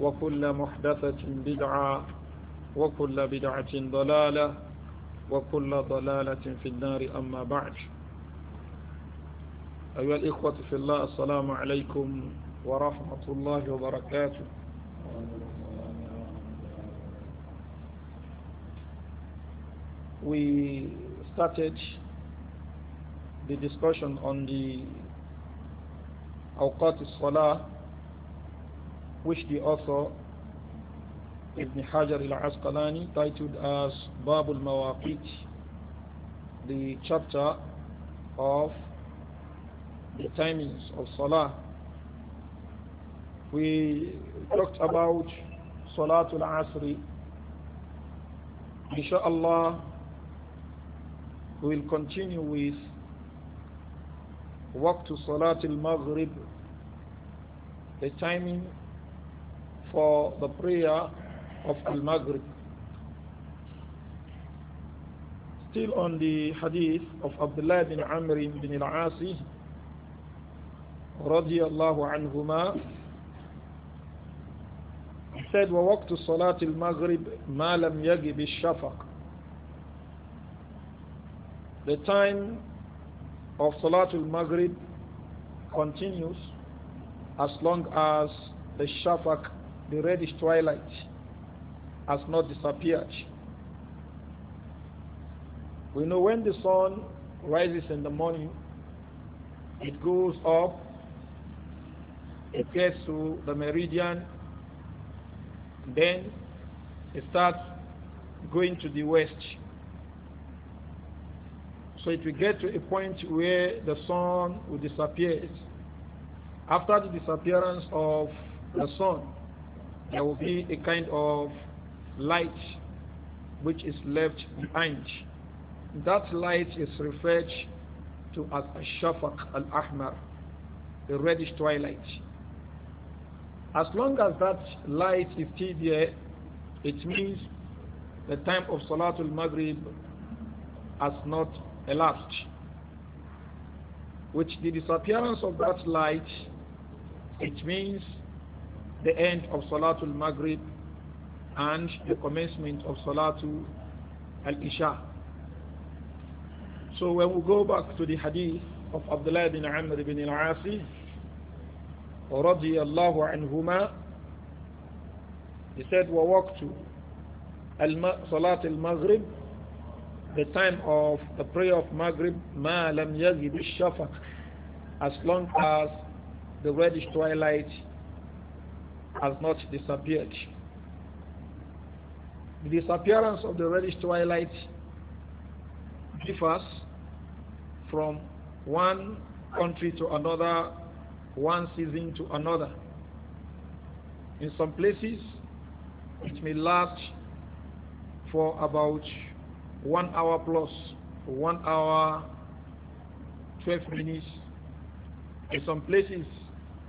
وكل محدثة بدعة وكل بدعة ضلالة وكل ضلالة في النار أما بعد أيها الإخوة في الله السلام عليكم ورحمة الله وبركاته We started the discussion on the أوقات الصلاة which the author Ibn Hajar al-Asqalani titled as Babul Mawaqit, the chapter of the timings of Salah. We talked about Salatul Asri. Inshallah, we will continue with Waqtu Salatul Maghrib, the timing for the prayer of Al-Maghrib. Still on the hadith of Abdullah bin Amr bin Al-Asi رضي الله عنهما He said ووقت صلاة المغرب ما لم يجب shafaq. The time of Salatul Maghrib continues as long as the Shafaq the reddish twilight has not disappeared. We know when the sun rises in the morning, it goes up, it gets to the meridian, then it starts going to the west. So it will get to a point where the sun will disappear. After the disappearance of the sun, there will be a kind of light which is left behind. That light is referred to as Shafaq al Ahmar, the reddish twilight. As long as that light is still there, it means the time of Salatul Maghrib has not elapsed. With the disappearance of that light, it means the end of Salatul Maghrib and the commencement of Salatul Al-Isha. So when we go back to the hadith of Abdullah bin Amr bin al-Asi, رضي الله عنهما, he said, al-Salatul Maghrib, the time of the prayer of Maghrib, ma لَمْ يَزِدُ الشَّفَقِ, as long as the reddish twilight has not disappeared. The disappearance of the reddish twilight differs from one country to another, one season to another. In some places, it may last for about one hour plus, one hour, 12 minutes. In some places,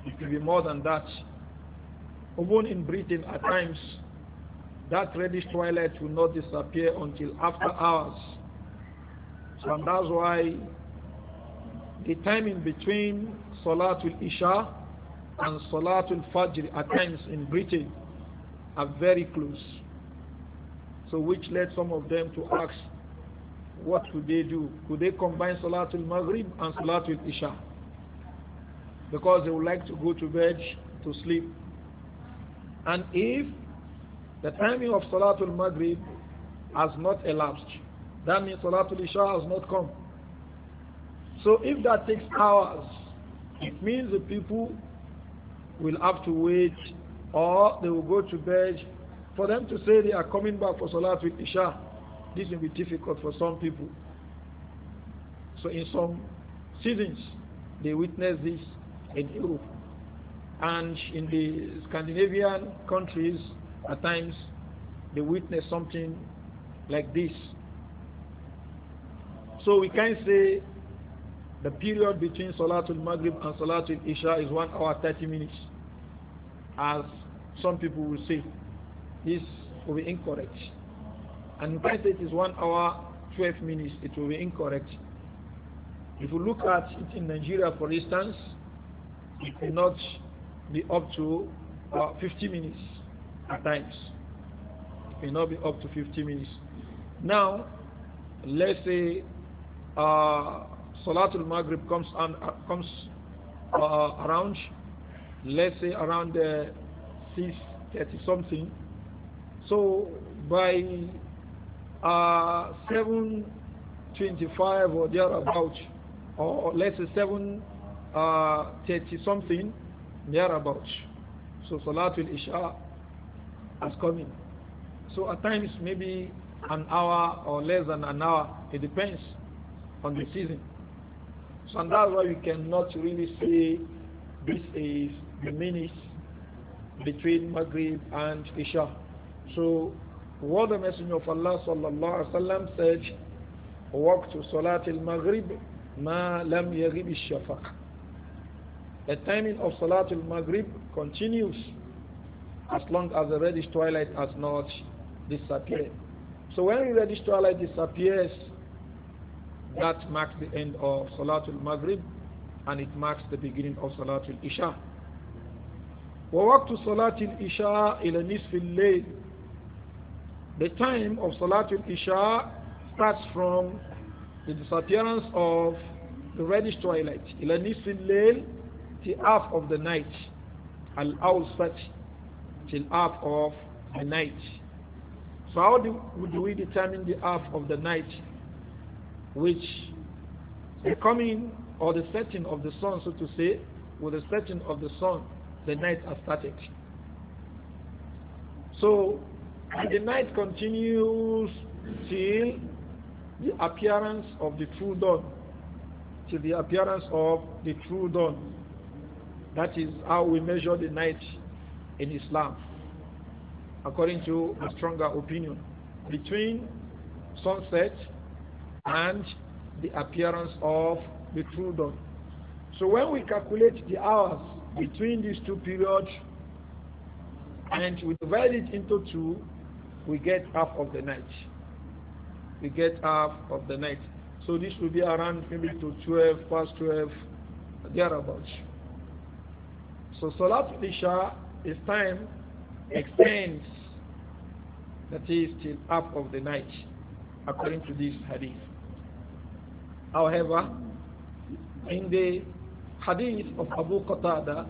it could be more than that. Even in Britain, at times, that reddish twilight will not disappear until after hours. So, and that's why the time in between Salatul Isha and Salatul Fajr at times in Britain are very close. So, which led some of them to ask, what could they do? Could they combine Salatul Maghrib and Salatul Isha? Because they would like to go to bed to sleep. And if the timing of Salatul Maghrib has not elapsed, that means Salatul Isha has not come. So if that takes hours, it means the people will have to wait or they will go to bed. For them to say they are coming back for Salatul Isha, this will be difficult for some people. So in some seasons, they witness this in Europe. And in the Scandinavian countries, at times, they witness something like this. So we can say the period between Salatul Maghrib and Salatul Isha is 1 hour 30 minutes, as some people will say. This will be incorrect. And you can say it is 1 hour 12 minutes, it will be incorrect. If you look at it in Nigeria, for instance, it cannot. not be up to uh, 50 minutes at times. It may not be up to 50 minutes. Now, let's say uh, Salatul Maghrib comes, on, uh, comes uh, around, let's say around uh, 6.30 something. So by uh, 7.25 or thereabout, or let's say 7.30 uh, something, about, So Salatul Isha is coming. So at times maybe an hour or less than an hour. It depends on the season. So and that's why we cannot really say this is the minutes between Maghrib and Isha. So what the Messenger of Allah sallallahu alaihi wasallam said, "Waqtu salat maghrib ma lam yaghib al-shafaq." The timing of Salatul Maghrib continues as long as the reddish twilight has not disappeared. So when the reddish twilight disappears, that marks the end of Salatul Maghrib and it marks the beginning of Salatul Isha. ووقت صلاة العشاء إلى نصف الليل The time of Salatul Isha starts from the disappearance of the reddish twilight. إلى نصف الليل till half of the night, al awsat till half of the night. So how do, would we determine the half of the night, which the coming or the setting of the sun, so to say, with the setting of the sun, the night has started. So the night continues till the appearance of the true dawn, till the appearance of the true dawn. That is how we measure the night in Islam, according to a stronger opinion, between sunset and the appearance of the true dawn. So when we calculate the hours between these two periods and we divide it into two, we get half of the night. We get half of the night. So this will be around maybe to 12, past 12, thereabouts. So Salatul Isha is time extends, that is till half of the night, according to this hadith. However, in the hadith of Abu Qatada,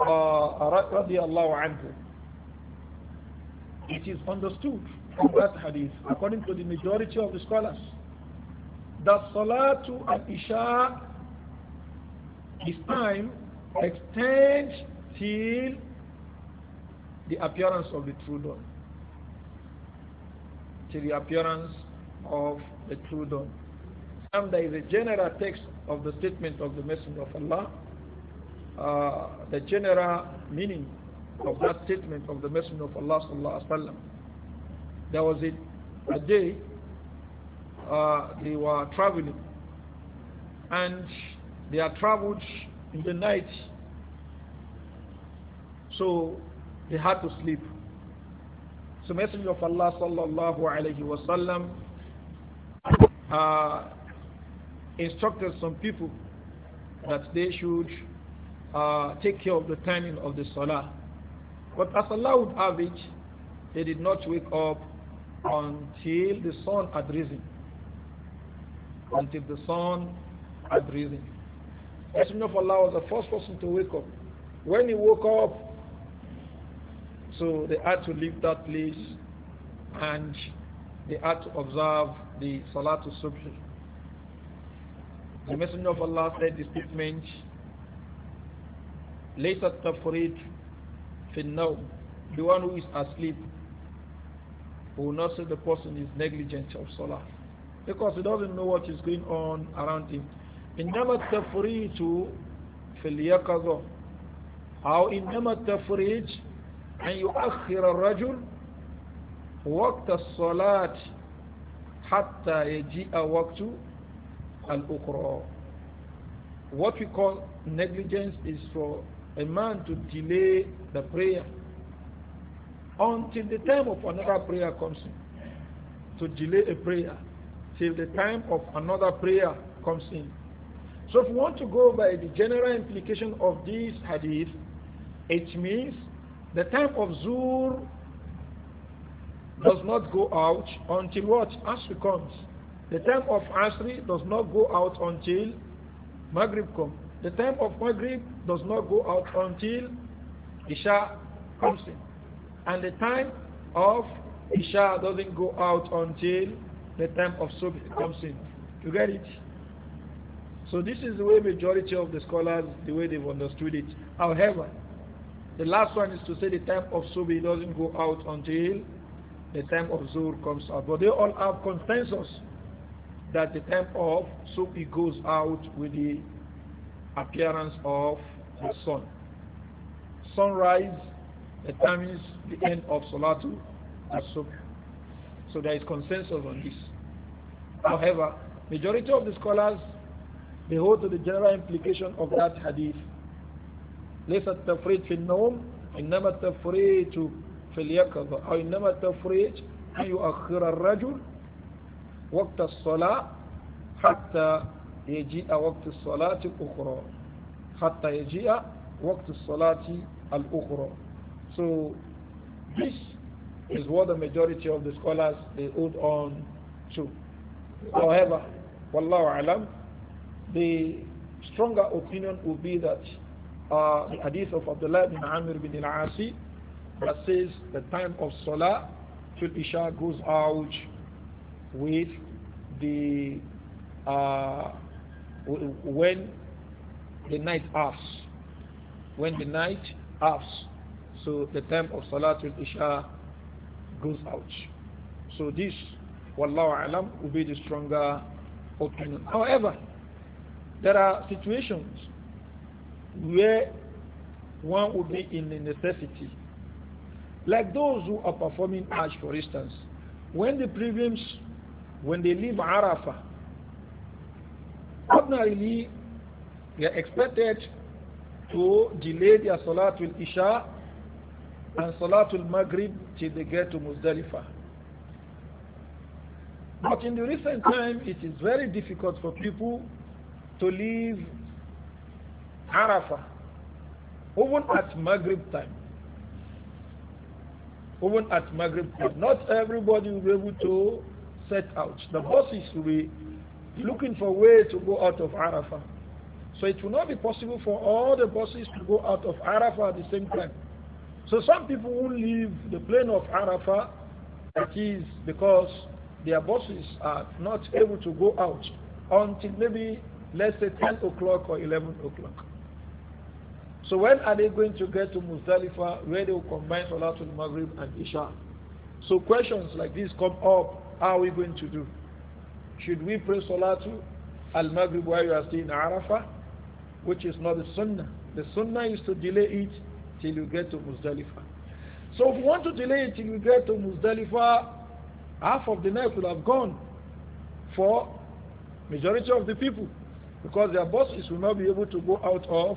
uh, radiallahu anhu, it is understood from that hadith, according to the majority of the scholars, that Salatu al-Isha his time extends till the appearance of the true dawn. Till the appearance of the true dawn. And there is a general text of the statement of the Messenger of Allah. Uh, the general meaning of that statement of the Messenger of Allah sallallahu alaihi wasallam. There was a, a day uh, they were traveling, and they are traveled in the night, so they had to sleep. So Messenger of Allah sallallahu alayhi wasallam uh, instructed some people that they should uh, take care of the timing of the salah. But as Allah would have it, they did not wake up until the sun had risen. Until the sun had risen. Messenger of Allah was the first person to wake up. When he woke up, so they had to leave that place and they had to observe the Salatul Subh. The Messenger of Allah said the statement, لَيْسَ التَّفْرِيد فِي now, The one who is asleep will not say the person is negligent of Salah because he doesn't know what is going on around him. إنما التفريط في اليقظة أو إنما التفريط أن يؤخر الرجل وقت الصلاة حتى يجيء وقت الأخرى What we call negligence is for a man to delay the prayer until the time of another prayer comes in. To delay a prayer till the time of another prayer comes in. So if we want to go by the general implication of this hadith, it means the time of Zuhr does not go out until what? Asr comes. The time of Asr does not go out until Maghrib comes. The time of Maghrib does not go out until Isha comes in. And the time of Isha doesn't go out until the time of Subh comes in. You get it? So this is the way majority of the scholars, the way they've understood it. However, the last one is to say the time of Subi doesn't go out until the time of Zuhr comes out. But they all have consensus that the time of Subi goes out with the appearance of the sun. Sunrise determines the end of Salatu al So there is consensus on this. However, majority of the scholars they hold to the general implication of that hadith. ليس التفريط في النوم إنما التفريط في اليقظة أو إنما التفريط أن يؤخر الرجل وقت الصلاة حتى يجيء وقت الصلاة الأخرى حتى يجيء وقت الصلاة الأخرى So this is what the majority of the scholars they hold on to. However, Wallahu Alam, the stronger opinion would be that uh, the hadith of Abdullah bin Amir bin al-Asi that says the time of Salah till Isha goes out with the uh, when the night halves when the night halves so the time of Salah till Isha goes out so this wallahu alam will be the stronger opinion however there are situations where one would be in the necessity. Like those who are performing Hajj, for instance, when the pilgrims, when they leave Arafah, ordinarily they are expected to delay their Salatul Isha and Salatul Maghrib till they get to Muzdalifah. But in the recent time, it is very difficult for people to leave Arafah, even at Maghrib time. Even at Maghrib time. Not everybody will be able to set out. The buses will be looking for ways to go out of Arafah. So it will not be possible for all the buses to go out of Arafah at the same time. So some people will leave the plain of Arafah, that is because their buses are not able to go out until maybe let's say 10 o'clock or 11 o'clock. So when are they going to get to Muzdalifah where they will combine Salatul Maghrib and Isha? So questions like this come up. How are we going to do? Should we pray Salatul Al-Maghrib while you are still in Arafah? Which is not the Sunnah. The Sunnah is to delay it till you get to Muzdalifah. So if you want to delay it till you get to Muzdalifah, half of the night will have gone for majority of the people. Because their buses will not be able to go out of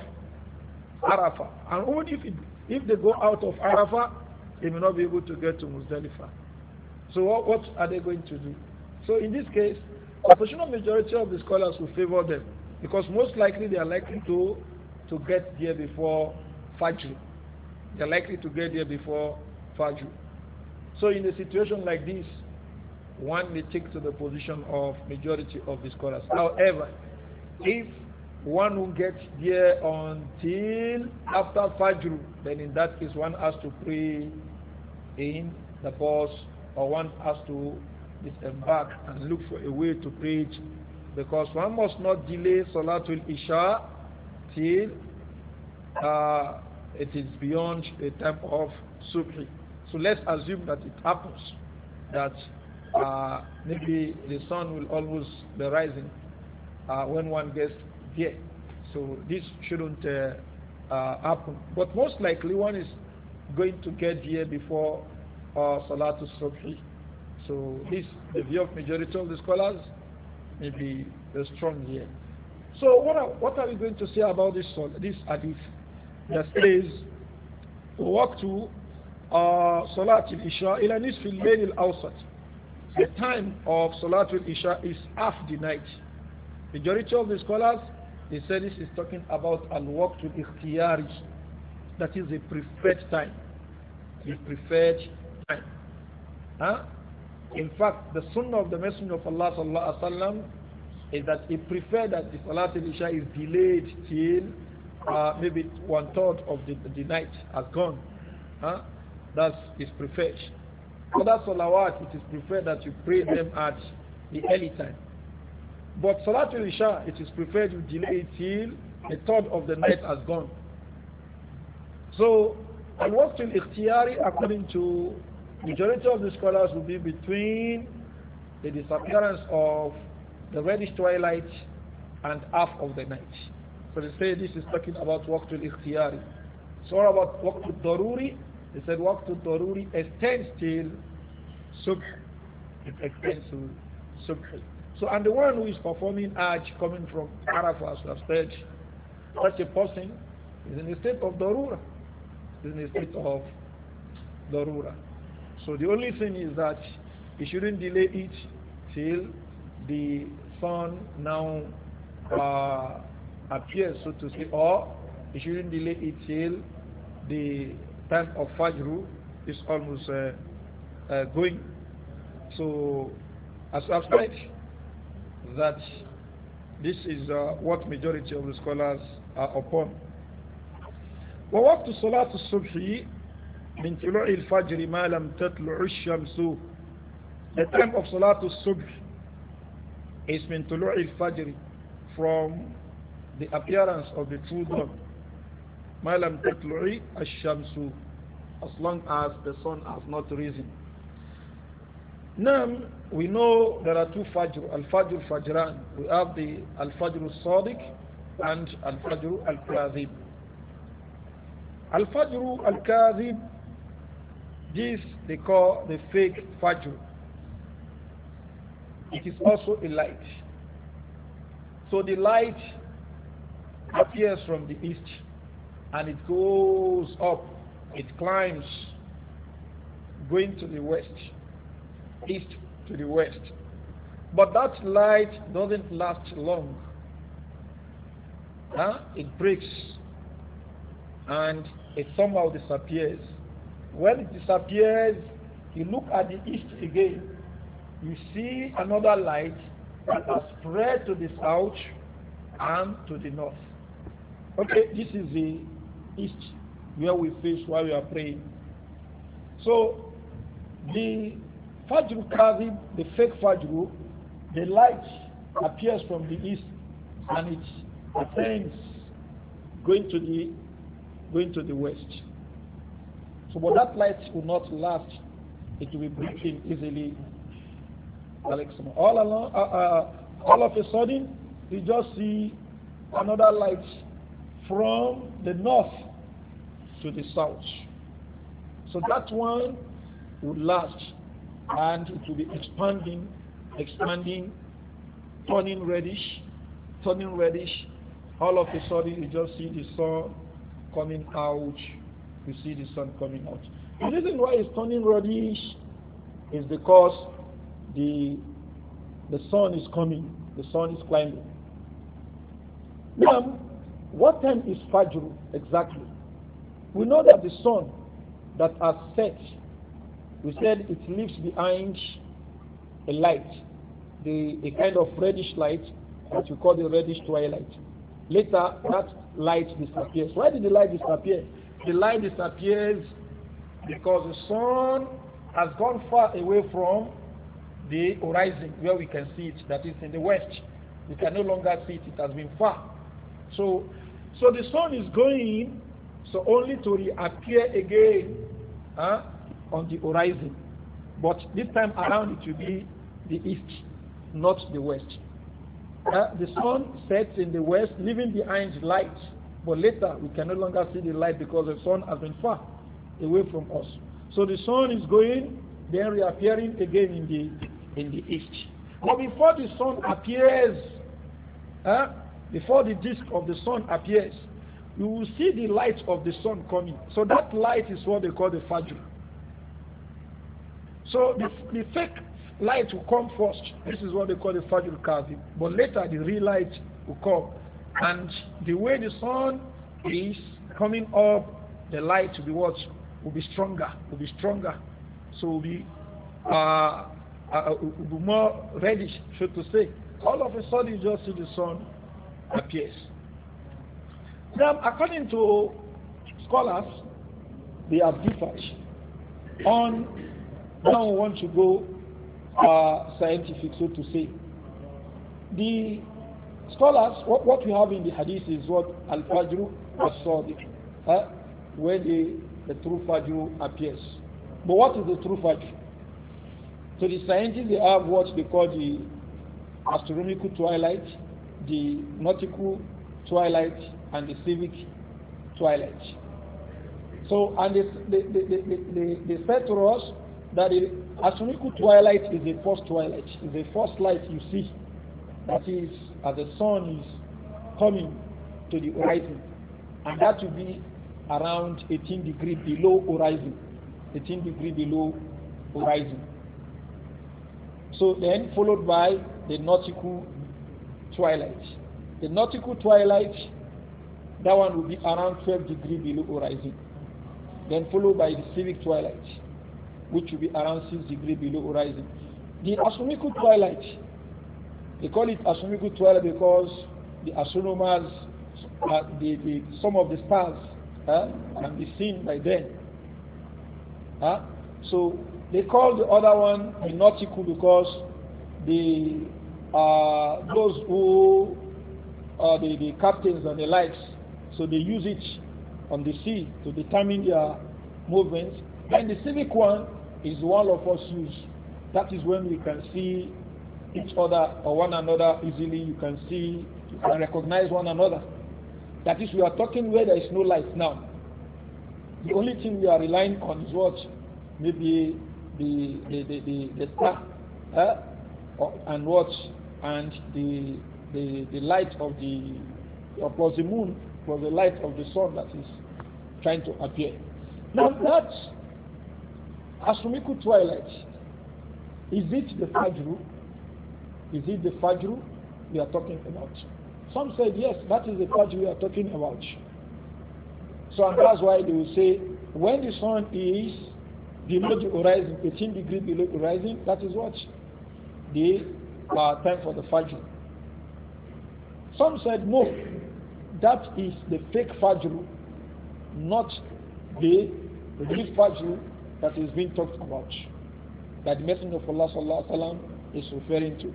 Arafah. And even if, it, if they go out of Arafah, they may not be able to get to Muzdalifah. So what, what are they going to do? So in this case, a opportunity majority of the scholars will favor them because most likely they are likely to, to get there before Fajr. They are likely to get there before Fajr. So in a situation like this, one may take to the position of majority of the scholars. However, if one who gets there until after Fajr, then in that case one has to pray in the bus or one has to disembark and look for a way to preach because one must not delay Salatul Isha till uh, it is beyond the time of Subhi. So let's assume that it happens that uh, maybe the sun will always be rising uh, when one gets there. So this shouldn't uh, uh, happen. But most likely one is going to get here before uh, Salatul Subhi. So this, the view of majority of the scholars, may be strong here. So what are, what are we going to say about this this hadith that says, to salat al-isha ila nisf al-awsat." The time of salat al-isha is half the night. Majority of the scholars, they say this is talking about al to ikhtiyari. That is the preferred time. The preferred time. Huh? In fact, the sunnah of the Messenger of Allah sallallahu alaihi wasallam is that he preferred that the Salat al-Isha is delayed till uh, maybe one third of the, the night has gone. Huh? That's preferred. preferred. Other salawat, it is preferred that you pray them at the early time. But Salatul Isha, it is preferred you delay it till a third of the night has gone. So, al waqtul ikhtiyari, according to majority of the scholars, will be between the disappearance of the reddish twilight and half of the night. So they say this is talking about waqtul ikhtiyari. So about waqtul daruri, they said waqtul daruri extends till subh. It extends to subh. So, and the one who is performing Hajj coming from Arafah, as said, such a person is in a state of Darura. Is in a state of Darura. So the only thing is that he shouldn't delay it till the sun now uh, appears, so to say, or he shouldn't delay it till the time of Fajr is almost uh, uh, going. So, as I've said, that this is uh, what majority of the scholars are upon. ووقت صلاة الصبح من طلوع الفجر ما لم تطلع الشمس The time of صلاة الصبح is من طلوع الفجر from the appearance of the true dawn ما لم تطلع الشمس as long as the sun has not risen now, we know there are two Fajr, Al-Fajr Fajran. We have the Al-Fajr Sadiq and Al-Fajr Al-Kadhib. Al-Fajr Al-Kadhib, this they call the fake Fajr. It is also a light. So the light appears from the east and it goes up, it climbs, going to the west east to the west. But that light doesn't last long. Huh? It breaks and it somehow disappears. When it disappears, you look at the east again. You see another light that has spread to the south and to the north. Okay, this is the east where we face while we are praying. So the Fajr Kadhib, the fake Fajr, the light appears from the east and it ascends going to the going to the west. So but that light will not last. It will be breaking easily. Alex, all along, uh, uh, all of a sudden, you just see another light from the north to the south. So that one would last and it will be expanding, expanding, turning reddish, turning reddish. All of a sudden, you just see the sun coming out. You see the sun coming out. The reason why it's turning reddish is because the the sun is coming, the sun is climbing. Now, what time is Fajr exactly? We know that the sun that has set we said it leaves behind a light, the, a kind of reddish light that we call the reddish twilight. Later, that light disappears. Why did the light disappear? The light disappears because the sun has gone far away from the horizon where we can see it, that is in the west. We can no longer see it, it has been far. So, so the sun is going, so only to reappear again. Huh? on the horizon. But this time around it will be the east, not the west. Uh, the sun sets in the west, leaving behind light. But later we can no longer see the light because the sun has been far away from us. So the sun is going, then reappearing again in the in the east. But before the sun appears, uh, before the disk of the sun appears, you will see the light of the sun coming. So that light is what they call the fajr. So the, the fake light will come first. This is what they call the Fajr Kazi. But later the real light will come. And the way the sun is coming up, the light will be what? Will be stronger. Will be stronger. So will be, uh, uh, uh will be more reddish, so to say. All of a sudden you just see the sun appears. Now, according to scholars, they have differed on now we want to go uh, scientific, so to say. The scholars, what, what, we have in the hadith is what Al-Fajr was sadiq uh, eh? the, the true Fajr appears. But what is the true Fajr? So the scientists, they have what they call the astronomical twilight, the nautical twilight, and the civic twilight. So, and the the the the the they that the astronomical twilight is the first twilight, is the first light you see. That is, as the sun is coming to the horizon, and that will be around 18 degree below horizon, 18 degree below horizon. So then followed by the nautical twilight. The nautical twilight, that one will be around 12 degree below horizon. Then followed by the civic twilight which will be around 6 degrees below horizon. The astronomical twilight, they call it astronomical twilight because the astronomers, uh, the, the, some of the stars uh, can be seen by them. Uh, so they call the other one the nautical because the uh, those who uh, the, the captains and the likes, so they use it on the sea to determine their movements. Then the civic one is one of us use. That is when we can see each other or one another easily. You can see, you can recognize one another. That is, we are talking where there is no light now. The only thing we are relying on is what? Maybe the, the, the, the, the star eh? and what? And the, the, the light of the, of course, the moon for the light of the sun that is trying to appear. Now, that Asumiku twilight. Is it the Fajr? Is it the Fajr we are talking about? Some said yes, that is the Fajr we are talking about. So and that's why they will say when the sun is below the horizon, 18 degrees below the horizon, that is what? The uh, time for the Fajr. Some said no, that is the fake Fajr, not the real Fajr that is being talked about, that the Messenger of Allah sallallahu sallam, is referring to.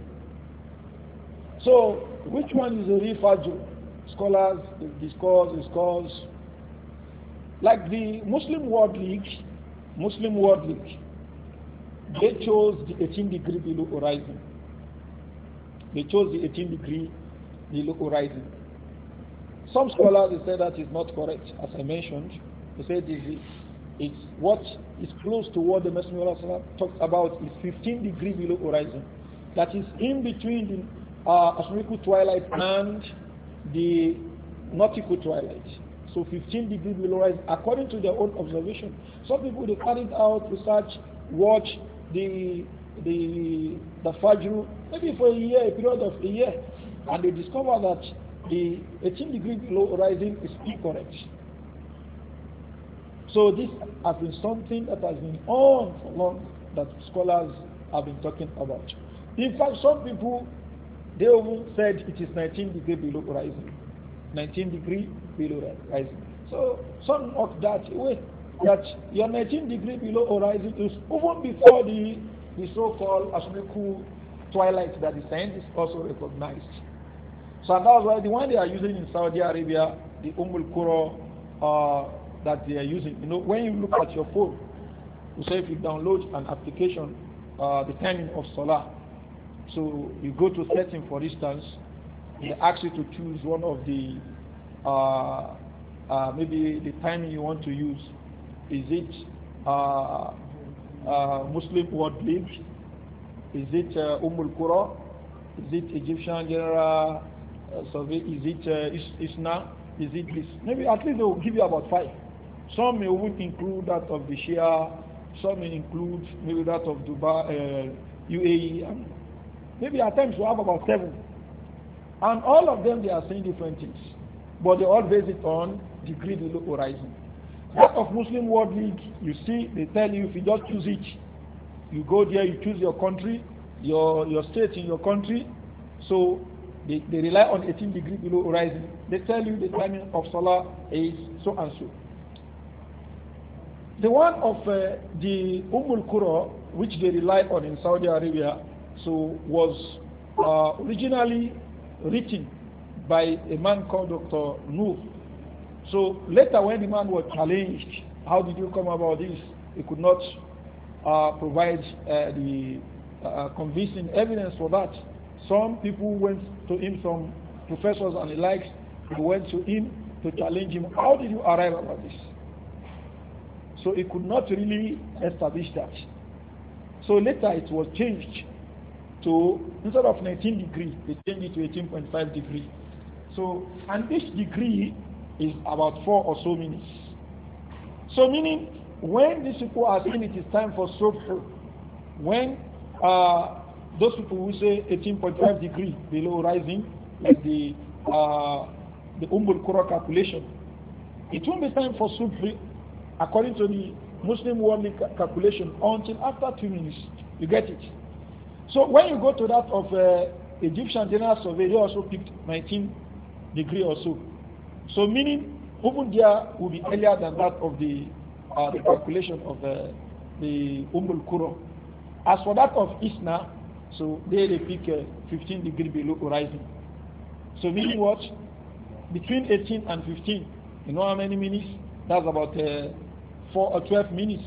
So, which one is the real Fajr? Scholars discuss, discuss. Like the Muslim World League, Muslim World League, they chose the 18 degree below horizon. They chose the 18 degree below horizon. Some scholars say that is not correct, as I mentioned. They say this is. It's what is close to what the Messenger of Allah talked about is 15 degrees below horizon. That is in between the uh, astronomical twilight and the nautical twilight. So 15 degrees below horizon, according to their own observation. Some people they carried out research, watch the the the Fajr maybe for a year, a period of a year, and they discover that the 18 degrees below horizon is incorrect. So this has been something that has been on for long that scholars have been talking about. In fact, some people, they even said it is 19 degree below horizon. 19 degree below horizon. So some of that way that your 19 degree below horizon is even before the, the so-called Ashmiku twilight that the scientists also recognized. So that's why the one they are using in Saudi Arabia, the umul kuro. uh, that they are using. You know, when you look at your phone, you say if you download an application, uh, the timing of Salah. So you go to setting, for instance, they ask you to choose one of the uh, uh, maybe the timing you want to use. Is it uh, uh, Muslim World League? Is it uh, Umm Qura? Is it Egyptian General uh, Survey? Is it uh, Isna? Is it this? Maybe at least they will give you about five. Some may even include that of the Shia, some may include maybe that of Dubai, uh, UAE, and maybe at times we have about seven. And all of them, they are saying different things, but they all base it on the greed horizon. That of Muslim World League, you see, they tell you if you just choose it, you go there, you choose your country, your, your state in your country, so they, they rely on 18 degree below horizon. They tell you the timing of solar is so and so. The one of uh, the Umm Kuro, which they rely on in Saudi Arabia, so was uh, originally written by a man called Dr. Noor. So later, when the man was challenged, how did you come about this? He could not uh, provide uh, the uh, uh, convincing evidence for that. Some people went to him, some professors and the likes, who went to him to challenge him. How did you arrive about this? So it could not really establish that. So later it was changed to, instead of 19 degree, they changed it to 18.5 degree. So, and each degree is about four or so minutes. So meaning, when these people are saying it is time for subh, when uh, those people who say 18.5 degree below rising, like the uh, the Umbul Kura calculation, it won't be time for soup according to the Muslim worldly calculation until after two minutes. You get it? So when you go to that of uh, Egyptian General Survey, they also picked 19 degree or so. So meaning even there will be earlier than that of the, uh, the calculation of uh, the Umm Kuro. As for that of Isna, so there they pick uh, 15 degree below horizon. So meaning what? Between 18 and 15, you know how many minutes? That's about uh, 4 or 12 minutes.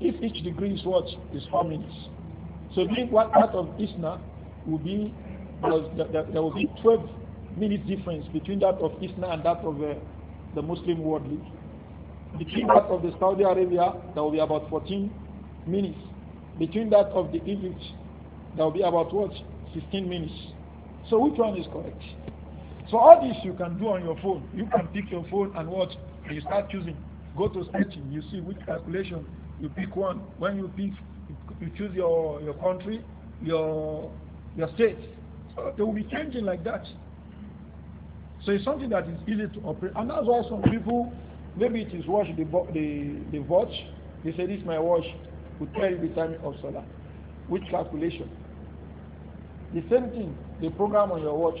If each degree is what? Is 4 minutes. So doing one part of Isna will be, there will be 12 minutes difference between that of Isna and that of uh, the Muslim World League. Between that of the Saudi Arabia, there will be about 14 minutes. Between that of the Egypt, there will be about what? 15 minutes. So which one is correct? So all this you can do on your phone. You can pick your phone and watch, and you start choosing. Go to searching, you see which calculation. You pick one. When you pick, you choose your, your country, your, your state. So they will be changing like that. So it's something that is easy to operate. And that's why some people, maybe it is watch, the the watch, they say, this my watch will tell you the time of solar. Which calculation? The same thing, the program on your watch.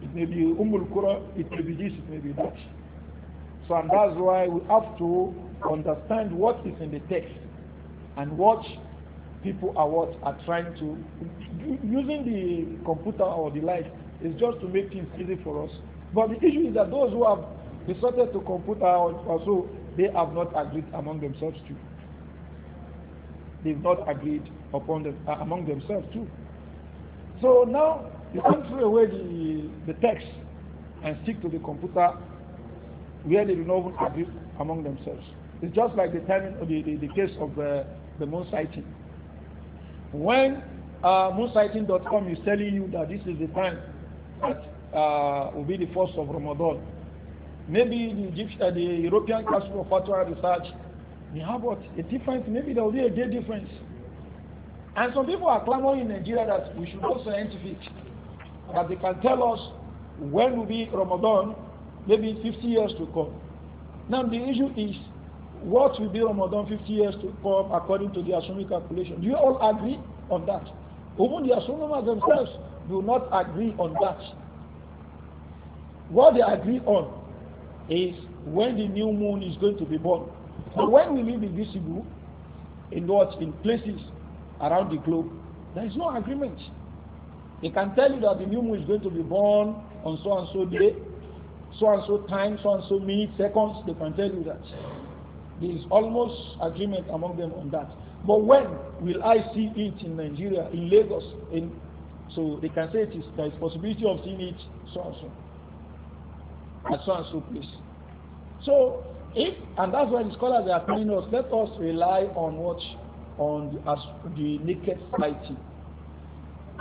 It may be Umul Kura, it may be this, it may be that. So and that's why we have to understand what is in the text and what people are what are trying to using the computer or the light is just to make things easy for us. But the issue is that those who have resorted to computer also they have not agreed among themselves too. They've not agreed upon uh, among themselves too. So now you can throw away the, the text and stick to the computer where they do not even agree among themselves. It's just like the time the, the, the, case of uh, the moon sighting. When uh, moonsighting.com is telling you that this is the time that uh, will be the first of Ramadan, maybe the, Egyptian, uh, the European Council for Fatwa Research, have what? A difference, maybe there will be a day difference. And some people are clamoring in Nigeria that we should go scientific, that they can tell us when will be Ramadan maybe 50 years to come. Now the issue is, what will be Ramadan 50 years to come according to the astronomical calculation? Do you all agree on that? Even the astronomers themselves do not agree on that. What they agree on is when the new moon is going to be born. So when will it be visible in what in places around the globe? There is no agreement. They can tell you that the new moon is going to be born on so and so day so and so time, so and so minutes, seconds, they can tell you that. There is almost agreement among them on that. But when will I see it in Nigeria, in Lagos? In, so they can say it is, there is possibility of seeing it so and so, at so and so place. So if, and that's why the scholars are telling us, let us rely on what? On the, as, the naked sighting.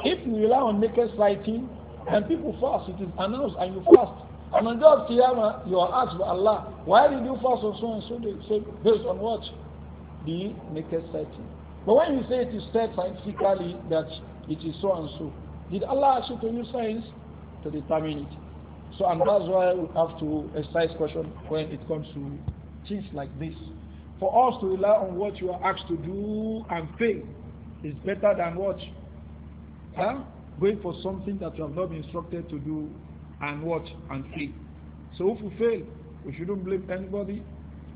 If we rely on naked sighting, and people fast, it is announced and you fast, and on that Qiyamah, you are asked by Allah, why did you fast on so and so day? So based on what? The naked sighting. But when you say it is said scientifically that it is so and so, did Allah ask you to use science to determine it? So and that's why we have to exercise caution when it comes to things like this. For us to rely on what you are asked to do and fail is better than what? Huh? Going for something that you have not been instructed to do and watch and see. So if we fail, we shouldn't blame anybody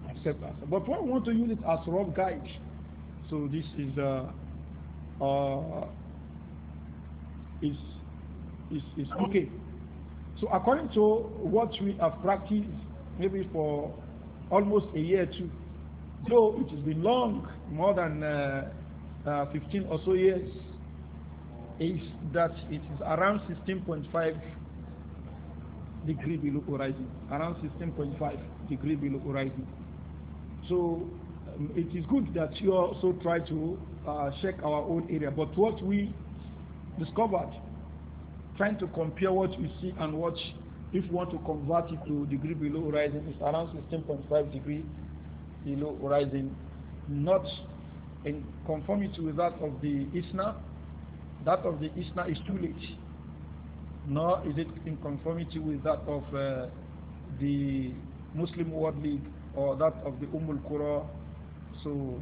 except us. But we want to use it as rough guide. So this is uh, uh, is, is, is okay. So according to what we have practiced, maybe for almost a year too, though it has been long, more than uh, uh, 15 or so years, is that it is around 16.5 degree below horizon, around 16.5 degree below horizon. So um, it is good that you also try to uh, check our own area. But what we discovered, trying to compare what we see and what, if we want to convert it to degree below horizon, is around 16.5 degree below horizon, not in conformity with that of the ISNA. That of the ISNA is too late nor is it in conformity with that of uh, the Muslim World League or that of the Umul qura So,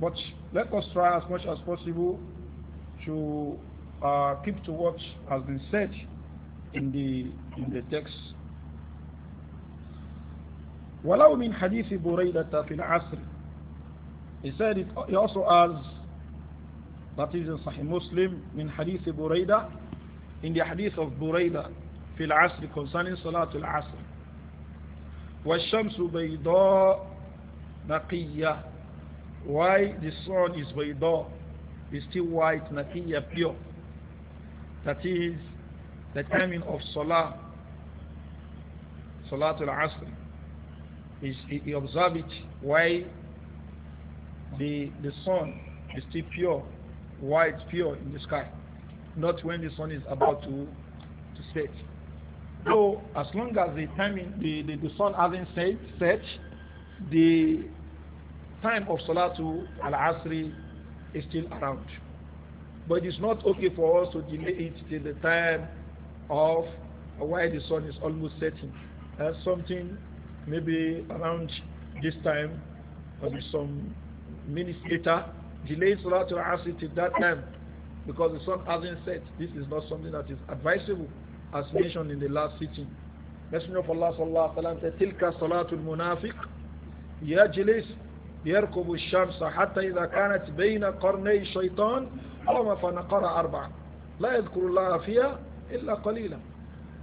but let us try as much as possible to uh, keep to what has been said in the in the text. ولو من حديث بريدة في العصر he said it, he also adds that is in Sahih Muslim من حديث بريدة in the hadith of Buraidah fil Asr concerning صلاة العصر والشمس بيضاء نقية why the sun is بيضاء is still white نقية pure that is the timing of Salah al-Asr. is he observe it why the the sun is still pure white pure in the sky not when the sun is about to, to set. So as long as the time in, the, the, the, sun hasn't set, set, the time of Salatu al-Asri is still around. But it's not okay for us to delay it till the time of why the sun is almost setting. That's something maybe around this time, maybe some minutes later, delay Salatul Asr till that time because the sun hasn't set. This is not something that is advisable, as mentioned in the last sitting. Messenger of Allah sallallahu alaihi wasallam said, "Tilka salatul munafiq yajlis يركب الشمس حتى إذا كانت بين قرني الشيطان قام فنقر أربعة لا يذكر الله فيها إلا قليلا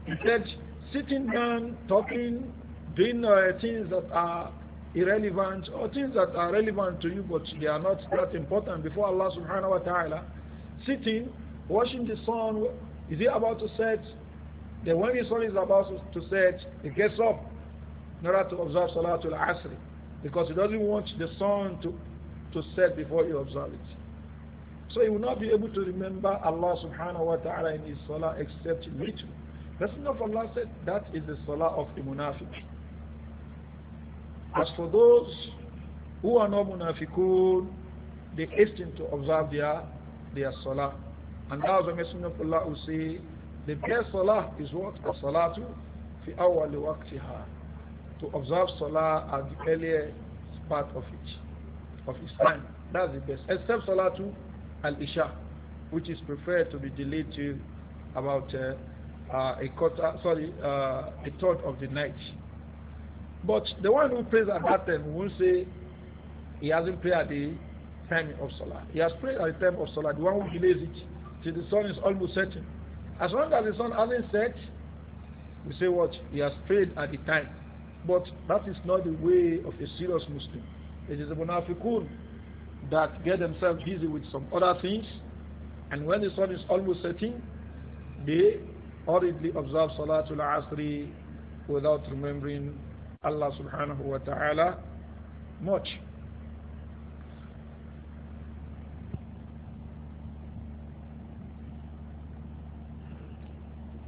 instead sitting down talking doing uh, things that are irrelevant or things that are relevant to you but they are not that important before Allah subhanahu wa ta'ala sitting, watching the sun, is it about to set? Then when the sun is about to set, he gets up in order to observe Salatul Asr because he doesn't want the sun to, to set before he observes it. So he will not be able to remember Allah subhanahu wa ta'ala in his salah except little. Messenger of Allah said that is the salah of the munafiq. As for those who are not munafiqun, they hasten to observe their their salah. And that's the Messenger of Allah will say, the best salah is what? The salatu fi awali waqtiha. To observe salah at the earlier part of it, of its time. That's the best. Except to al-isha, which is preferred to be delayed to about uh, uh, a quarter, sorry, uh, a third of the night. But the one who prays at that time won't say he hasn't prayed at the time of Salah. He has prayed at the time of Salah, the one who delays it till the sun is almost setting. As long as the sun hasn't set, we say what? He has prayed at the time. But that is not the way of a serious Muslim. It is the munafiqun that get themselves busy with some other things, and when the sun is almost setting, they hurriedly observe Salatul Asri without remembering Allah subhanahu wa ta'ala much.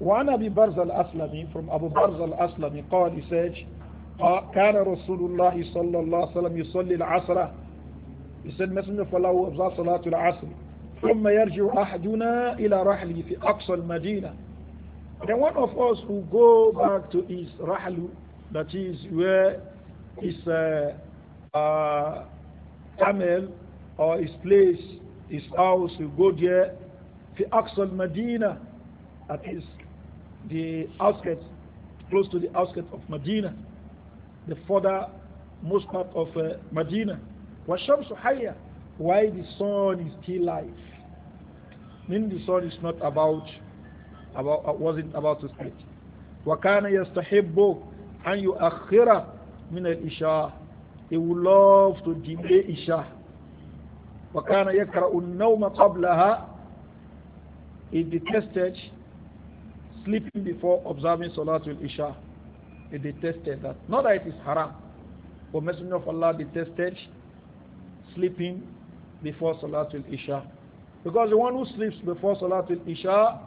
وعن أبي برز الأسلمي from أبو برز الأسلمي قال يساج كان رسول الله صلى الله عليه وسلم يصلي العصر يسال مسلم فلو أبزى صلاة العصر ثم يرجع أحدنا إلى رحله في أقصى المدينة Then one of us who go back to his rahlu, that is where his uh, uh, camel or his place, his house, will go there, fi aqsa al-Madinah, that is the outskirts, close to the outskirts of Medina, the further most part of uh, Medina. Washam Suhaya, why the sun is still light. Meaning the sun is not about, about uh, wasn't about to split. وَكَانَ يَسْتَحِبُّ أَنْ يُؤَخِّرَ مِنَ الْإِشَاءِ He would love to delay Isha. وَكَانَ يَكْرَأُ النَّوْمَ قَبْلَهَا He detested sleeping before observing Salatul Isha. He detested that. Not that it is haram, but Messenger of Allah detested sleeping before Salatul Isha. Because the one who sleeps before Salatul Isha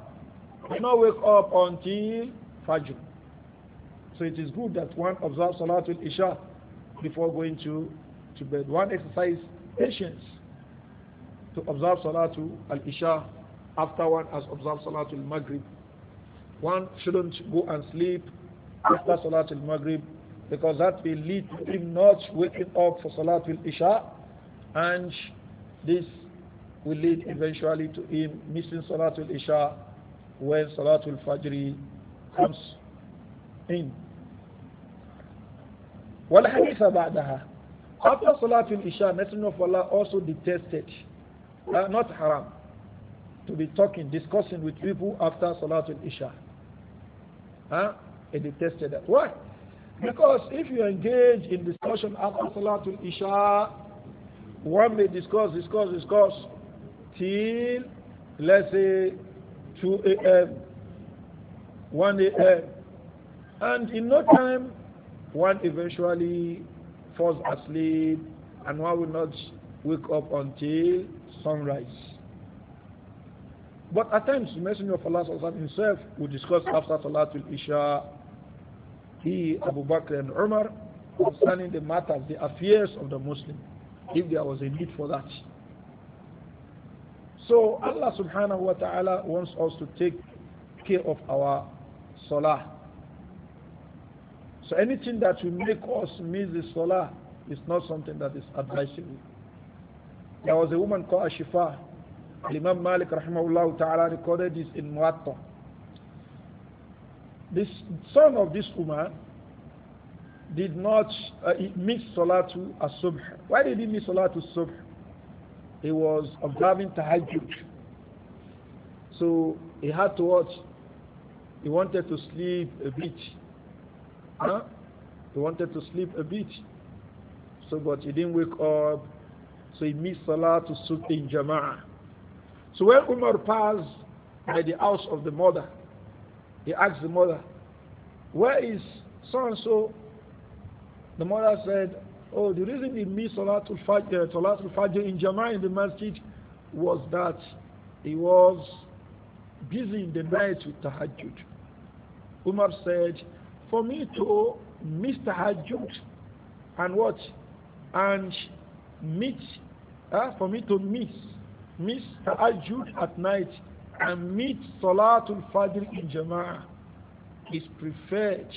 will not wake up until Fajr. So it is good that one observes Salatul Isha before going to, to bed. One exercises patience to observe Salatul isha after one has observed Salatul Maghrib one shouldn't go and sleep after Salatul Maghrib because that will lead to him not waking up for Salatul Isha and this will lead eventually to him missing Salatul Isha when Salatul Fajr comes in. والحديث بعدها after Salatul Isha Messenger of Allah also detested uh, not haram to be talking discussing with people after Salatul Isha Huh? they tested that. Why? Because if you engage in discussion after Salatul Isha, one may discuss, discuss, discuss till, let's say, 2 a.m., 1 a.m. And in no time, one eventually falls asleep and one will not wake up until sunrise. But at times, the Messenger of Allah himself would discuss after Salatul Isha, he, Abu Bakr and Umar, concerning the matters, the affairs of the Muslim, if there was a need for that. So Allah subhanahu wa ta'ala wants us to take care of our salah. So anything that will make us miss the salah is not something that is advisable. There was a woman called Ashifa Imam Malik rahimahullah ta'ala recorded this in Muatta. This son of this woman did not uh, miss Salatu as-Subh. Why did he miss Salatu as-Subh? He was observing Tahajjud. So he had to watch. He wanted to sleep a bit. Huh? He wanted to sleep a bit. So, but he didn't wake up. So he missed Salatu to subh in Jama'ah. So when Umar passed by the house of the mother, he asked the mother, Where is so and so? The mother said, Oh, the reason he missed Salatul Fajr, Salatul Fajr in Jama'ah in the masjid was that he was busy in the night with tahajjud. Umar said, For me to miss tahajjud and what? And meet, uh, for me to miss miss tahajjud at night and meet Salatul Fajr in Jama'ah is preferred.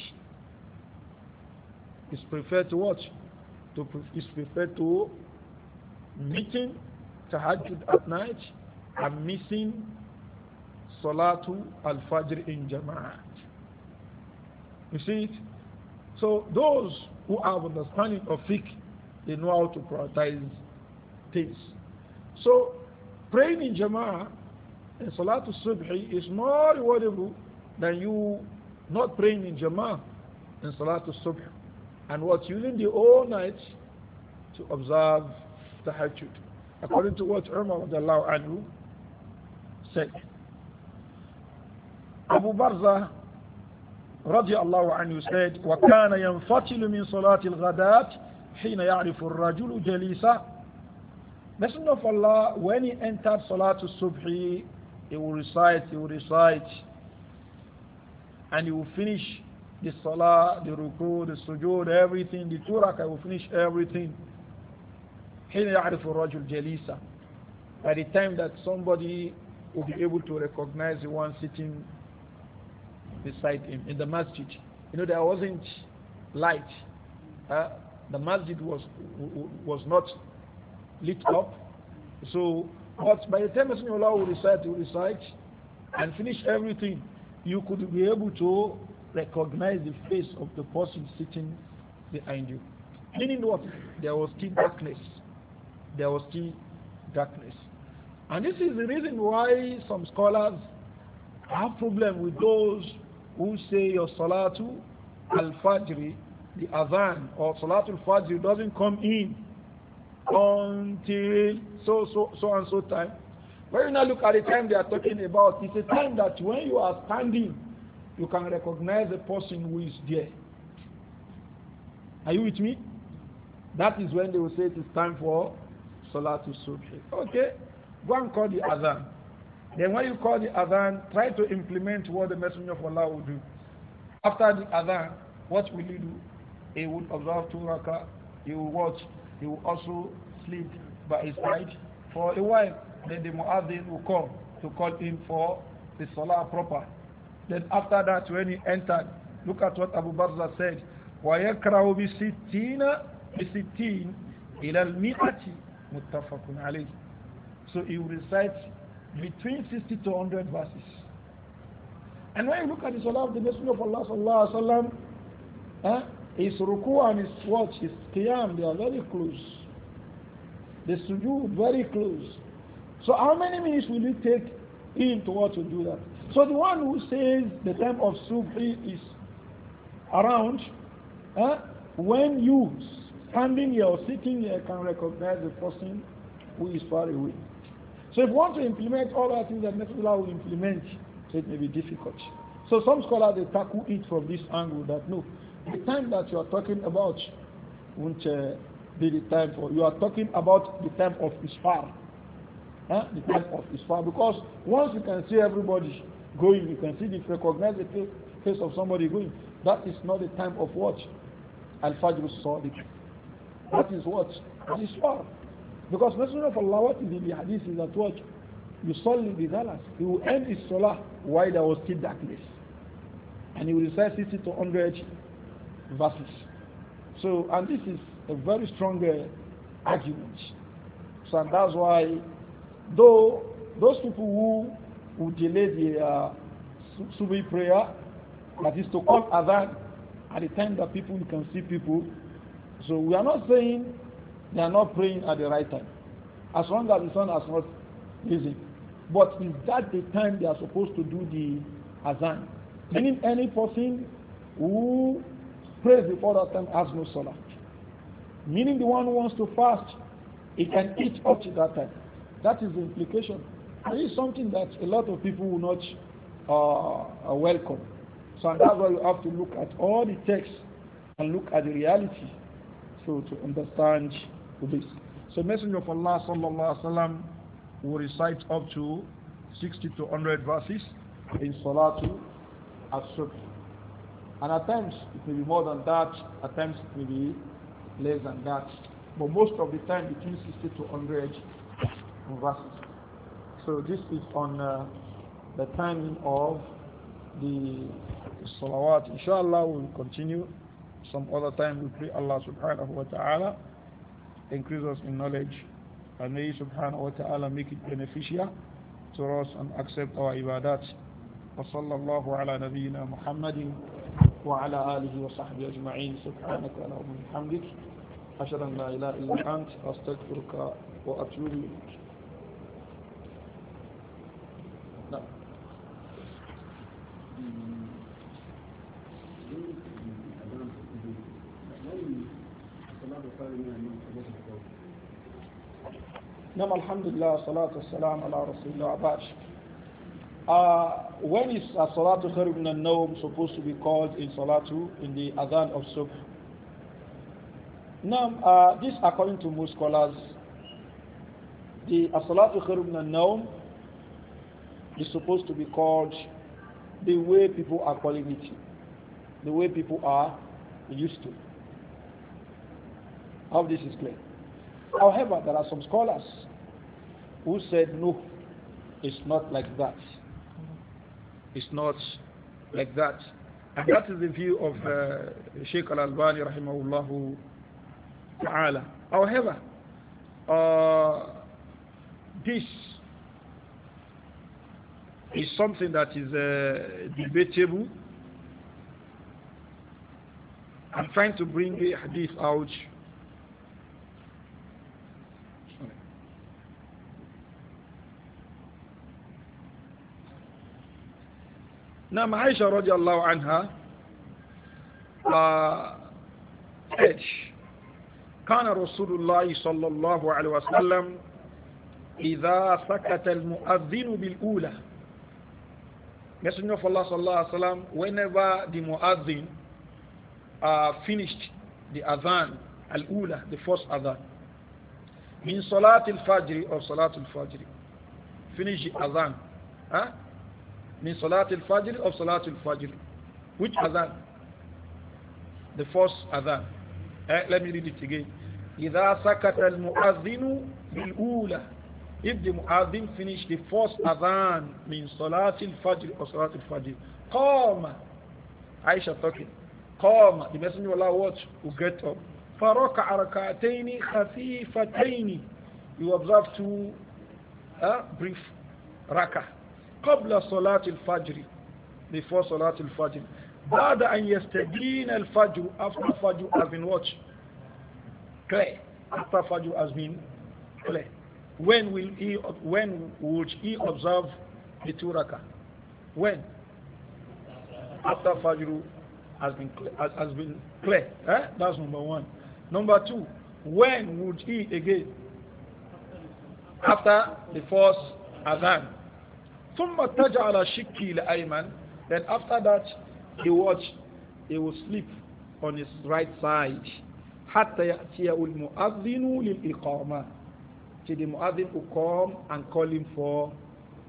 Is preferred to what? To, is preferred to meeting tahajjud at night and missing Salatul Al-Fajr in Jama'ah. You see it? So those who have understanding of fiqh, they know how to prioritize things. So praying in Jama'ah and Salatul Subhi is more rewardable than you not praying in Jama'ah and Salatul Subh and what using the whole night to observe the Tahajjud according to what Umar anhu said. Abu Barza الله عنه said وَكَانَ يَنْفَتِلُ مِنْ صَلَاةِ الْغَدَاتِ حِينَ يَعْرِفُ الرَّجُلُ جَلِيسَ Messenger of Allah, when he entered Salatul Subhi, he will recite, he will recite, and he will finish the Salah, the Ruku, the Sujood, everything, the Turaka, he will finish everything. حين by the time that somebody will be able to recognize the one sitting beside him in the masjid. You know, there wasn't light. Uh, the masjid was was not lit up. So, but by the time Bismillah will recite, will recite and finish everything, you could be able to recognize the face of the person sitting behind you. Meaning what? There was still darkness. There was still darkness. And this is the reason why some scholars have problem with those who say your Salatu al-Fajr, the Azan, or Salatul Fajr doesn't come in until so so so and so time. When you now look at the time they are talking about, it's a time that when you are standing, you can recognize the person who is there. Are you with me? That is when they will say it is time for Salah to Subhi. Okay, go and call the Azan. Then when you call the Azan, try to implement what the Messenger of Allah will do. After the Azan, what will you do? He will observe two rakah, he will watch he will also sleep by his side for a while. Then the muazzin will come to call him for the salah proper. Then after that, when he entered, look at what Abu Barza said. وَيَكْرَهُ بِسِتِّينَ بِسِتِّينَ إِلَى الْمِئَةِ مُتَّفَقٌ عَلَيْهِ So he will recite between 60 to 100 verses. And when you look at the Salah of the Messenger of Allah sallallahu alaihi wasallam, his ruku and his watch, his qiyam, they are very close. The sujood, very close. So how many minutes will it take him to want to do that? So the one who says the time of sufi is around, eh, when you standing here or sitting here can recognize the person who is far away. So if you want to implement all the things that Methodullah will implement, so it may be difficult. So some scholars they tackle it from this angle that no, the time that you are talking about won't uh, be the time for you are talking about the time of isfar huh? the time of isfar because once you can see everybody going you can see the recognize the face of somebody going that is not the time of what al-fajr sadiq that is what isfar because messenger of allah what is in the hadith is that what you solely the galas he will end his salah while there was still darkness and he will recite 60 to 100 verses. So, and this is a very strong uh, argument. So, and that's why, though those people who, who delay the uh, Subi prayer, that is to call azan at the time that people you can see people. So we are not saying they are not praying at the right time, as long as the sun has not risen. But is that the time they are supposed to do the Azan? Meaning any person who prays before that time has no salah. Meaning the one who wants to fast, he can eat up to that time. That is the implication. And it's something that a lot of people will not uh, welcome. So that's why you have to look at all the texts and look at the reality so to understand this. So Messenger of Allah sallallahu wasallam will recite up to 60 to 100 verses in salah as-Subh. And at times it may be more than that, at times it may be less than that. But most of the time between 60 to 100 verses. So this is on uh, the timing of the salawat. Inshallah we will continue. Some other time we pray Allah subhanahu wa ta'ala increase us in knowledge and may subhanahu wa ta'ala make it beneficial to us and accept our ibadat. وصلى الله على نبينا محمد وعلى آله وصحبه أجمعين سبحانك اللهم وبحمدك أشهد أن لا إله إلا أنت أستغفرك وأتوب إليك نعم, نعم، الحمد لله والصلاة والسلام على رسول الله وبعد Uh, when is uh, Salatu Khairun min al supposed to be called in Salatu in the Adhan of Subh? Now, uh, this according to most scholars, the As-Salatu Khairun min al is supposed to be called the way people are calling it, the way people are used to. How this is clear. However, there are some scholars who said no, it's not like that. It's not like that. And that is the view of uh, Sheikh Al-Albani rahimahullah ta'ala. However, uh, this is something that is uh, debatable. I'm trying to bring the hadith out نعم عائشة رضي الله عنها إيش كان رسول الله صلى الله عليه وسلم إذا سكت المؤذن بالأولى Messenger of Allah sallallahu alaihi wasallam whenever the muazzin uh, finished the adhan al-ula the first adhan min salat al-fajr or salat al-fajr finish the adhan huh? min Salat al-Fajr of Salat al-Fajr. Which adhan? The first adhan. Uh, let me read it again. إذا سكت المؤذن بالأولى If the muadhin finish the first adhan min Salat al-Fajr or Salat al-Fajr. Qama. Aisha talking. Come. The Messenger of Allah watch, Who get up. فركع ركعتين خفيفتين You observe two uh, brief rakah قبل صلاة الفجر before صلاة الفجر بعد أن يستبين الفجر after فجر has been watched clear after fajr has been clear when will he when would he observe the two when after fajr has been clear, has been clear eh? that's number one number two when would he again after the first adhan ثم تجعل شكي لأيمن then after that he watch he will sleep on his right side حتى يأتيه المؤذن للإقامة till the muadhin will come and call him for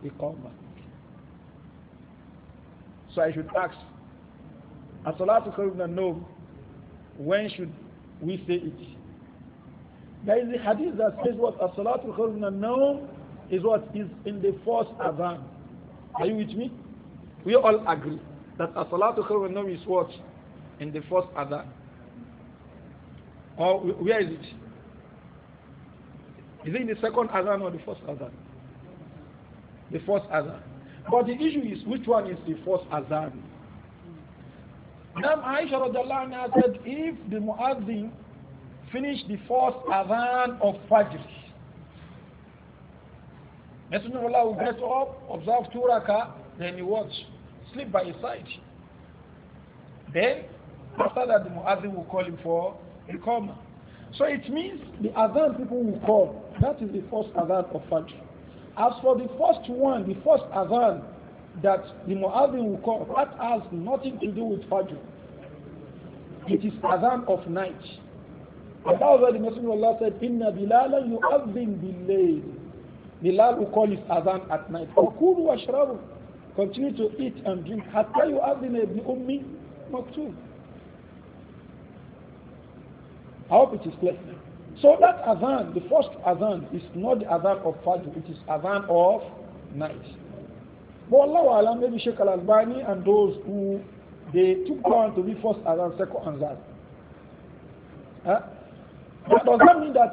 iqamah so I should ask as-salatu khairun no when should we say it there is a hadith that says what as-salatu khairun no is what is in the first adhan are you with me? We all agree that as Salatul Khair is what? In the first Adhan. Or where is it? Is it in the second Adhan or the first Adhan? The first Adhan. But the issue is which one is the first Adhan? Now Aisha radiallahu said if the Muazzin finished the first Adhan of Fajr, Messenger of Allah will get up, observe two raka, then he watch, sleep by his side. Then, after that, the muazzin will call him for a coma. So it means the adhan people will call. That is the first adhan of Fajr. As for the first one, the first adhan that the muazzin will call, that has nothing to do with Fajr. It is adhan of night. And that was why the Messenger of Allah said, "Inna bilalan yu'adhin bil-layl." Bilal will call his Adhan at night. washrabu. Continue to eat and drink. Hatta you adhina ibn ummi maktum. I hope it is clear. So that Adhan, the first Adhan, is not the Adhan of Fajr. It is Adhan of night. But Allah Allah, maybe Sheikh Al-Albani and those who they took down to be first Adhan, second and Huh? But does that mean that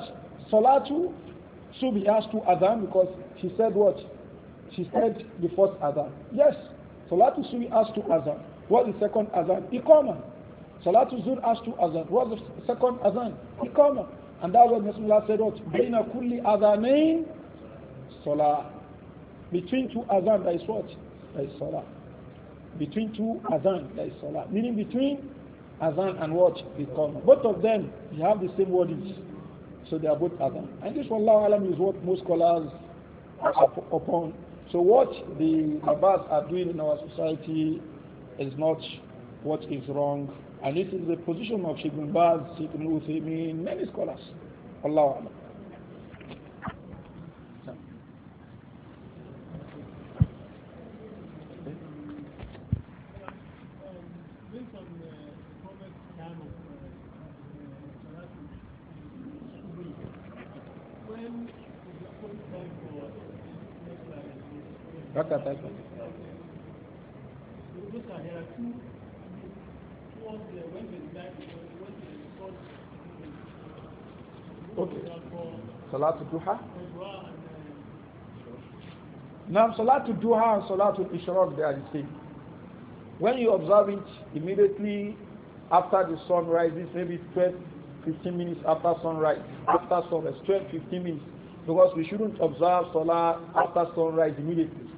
Salatu we asked two Azan because she said what? She said the first Azan. Yes, Salatu Subi asked two Azan. What is the second adhan? So Salatu Zuhr asked two Azan. What is the second adhan? Iqama. And that what Messenger said what? Baina kulli adhanain salah. Between two Azan there is what? There is salah. Between two Azan there is salah. Meaning between Azan and what? Iqama. Both of them, they have the same wordings. So they are both adhan. And this Allah Alam is what most scholars are upon. So what the Abbas are doing in our society is not what is wrong. And this is the position of Sheikh Ibn Baz, Sheikh many scholars. Allahu Alam. after typhoid. Okay. Salatul Duha. Now, Salatul Duha and Salatul Ishraq, they are the same. When you observe it immediately after the sun rises, maybe 12, 15 minutes after sunrise, after sunrise, 12, 15 minutes, because we shouldn't observe Salah after sunrise immediately.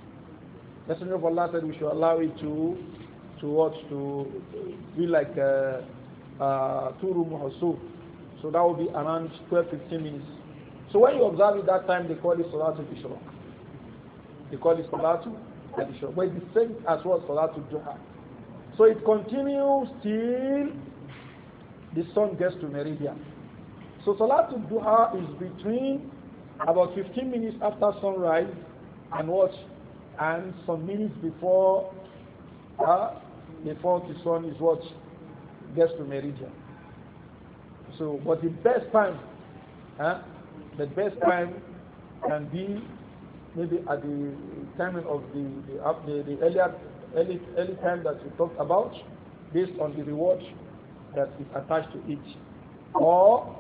Messenger of Allah said we should allow it to to watch to be like a, a turu muhasu. So that will be around 12-15 minutes. So when you observe it that time, they call it Salatul Ishraq. They call it Salatul Ishraq. But it's the same as what Salatul Duha. So it continues till the sun gets to meridian. So Salatul Duha is between about 15 minutes after sunrise and what? and some minutes before uh, before the sun is what gets to meridian. So, but the best time, huh, the best time can be maybe at the timing of the the, uh, the, the earlier early, early time that we talked about, based on the reward that is attached to it, or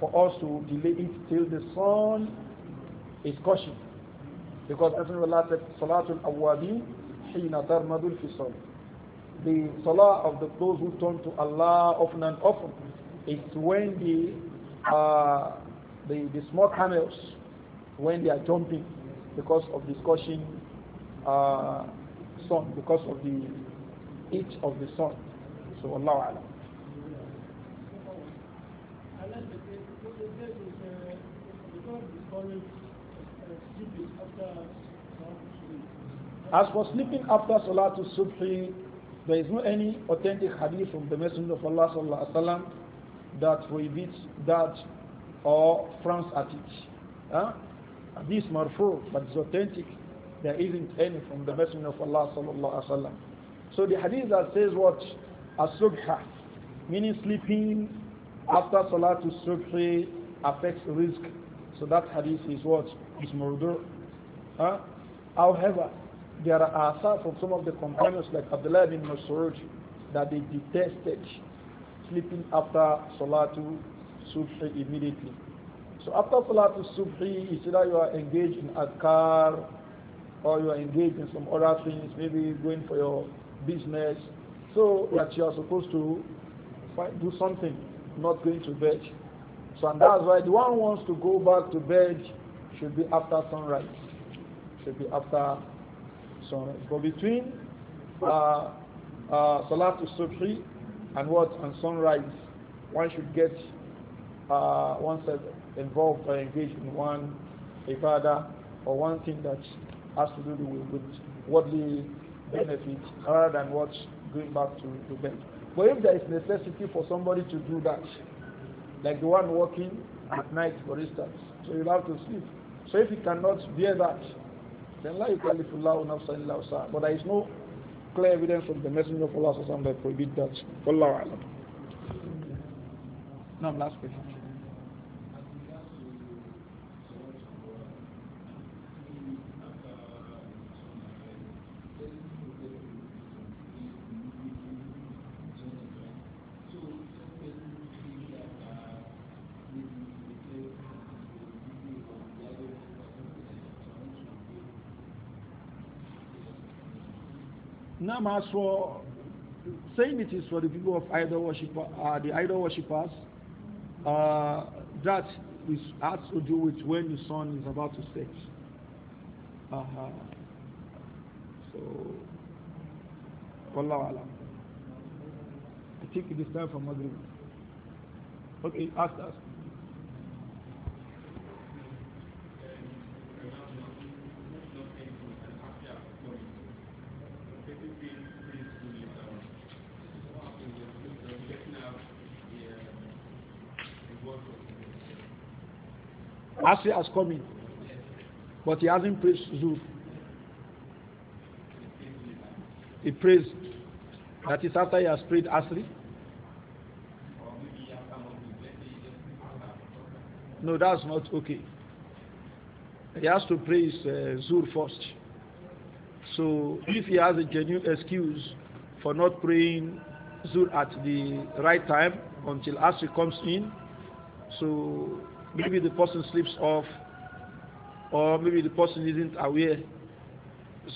for us to delay it till the sun is caution because as we said, Salatul Awwabin, Hina Darmadul Fisal. The Salah of the, those who turn to Allah often and often is when the, uh, the, the small camels, when they are jumping because of the scorching uh, sun, because of the heat of the sun. So Allah Alam. As for sleeping after Salatul Subhi, there is no any authentic hadith from the Messenger of Allah sallallahu alaihi wasallam that prohibits that or frowns at it. Huh? This marfu, but it's authentic. There isn't any from the Messenger of Allah sallallahu alaihi wasallam. So the hadith that says what as Subha, meaning sleeping after Salatul Subhi affects risk. So that hadith is what is murder Huh? However, there are some from some of the companions like Abdullah bin Mas'ud that they detested sleeping after Salatu Subhi immediately. So after Salatu Subhi, it's either you are engaged in adkar or you are engaged in some other things, maybe going for your business, so that you are supposed to do something, not going to bed. So and that's why the one who wants to go back to bed should be after sunrise should be after sunrise. But between uh, uh, Salatul Subhi and what? And sunrise, one should get uh, oneself uh, involved or engaged in one ibadah or one thing that has to do with, with worldly benefit rather than what going back to, the bed. But if there is necessity for somebody to do that, like the one working at night, for instance, so you'll have to sleep. So if he cannot bear that, then la yukallifullahu nafsan illa wus'aha. But there is no clear evidence from the Messenger of Allah that prohibit that. Wallahu alam. Now last question. Now, as for saying it is for the people of idol worship, uh, the idol worshippers, uh, that is, has to do with when the sun is about to set. Uh -huh. So, Allah Alam. I think it is time for Maghrib. Okay, ask us. Asri has come in, but he hasn't prayed Zuhr. He prays, that is after he has prayed Asri. No, that's not okay. He has to pray his uh, Zuhr first. So if he has a genuine excuse for not praying Zuhr at the right time until Asri comes in, so maybe the person sleeps off or maybe the person isn't aware.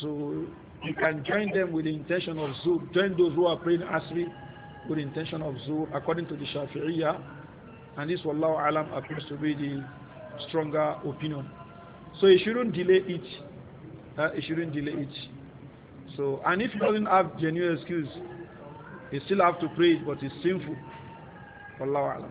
So you can join them with the intention of Zuhr. Join those who are praying Asri with the intention of Zuhr according to the Shafi'iyah. And this, Wallahu Alam, appears to be the stronger opinion. So you shouldn't delay it. Uh, you shouldn't delay it. So, and if he doesn't have genuine excuse, he still have to pray it, but it's sinful. Wallahu Alam.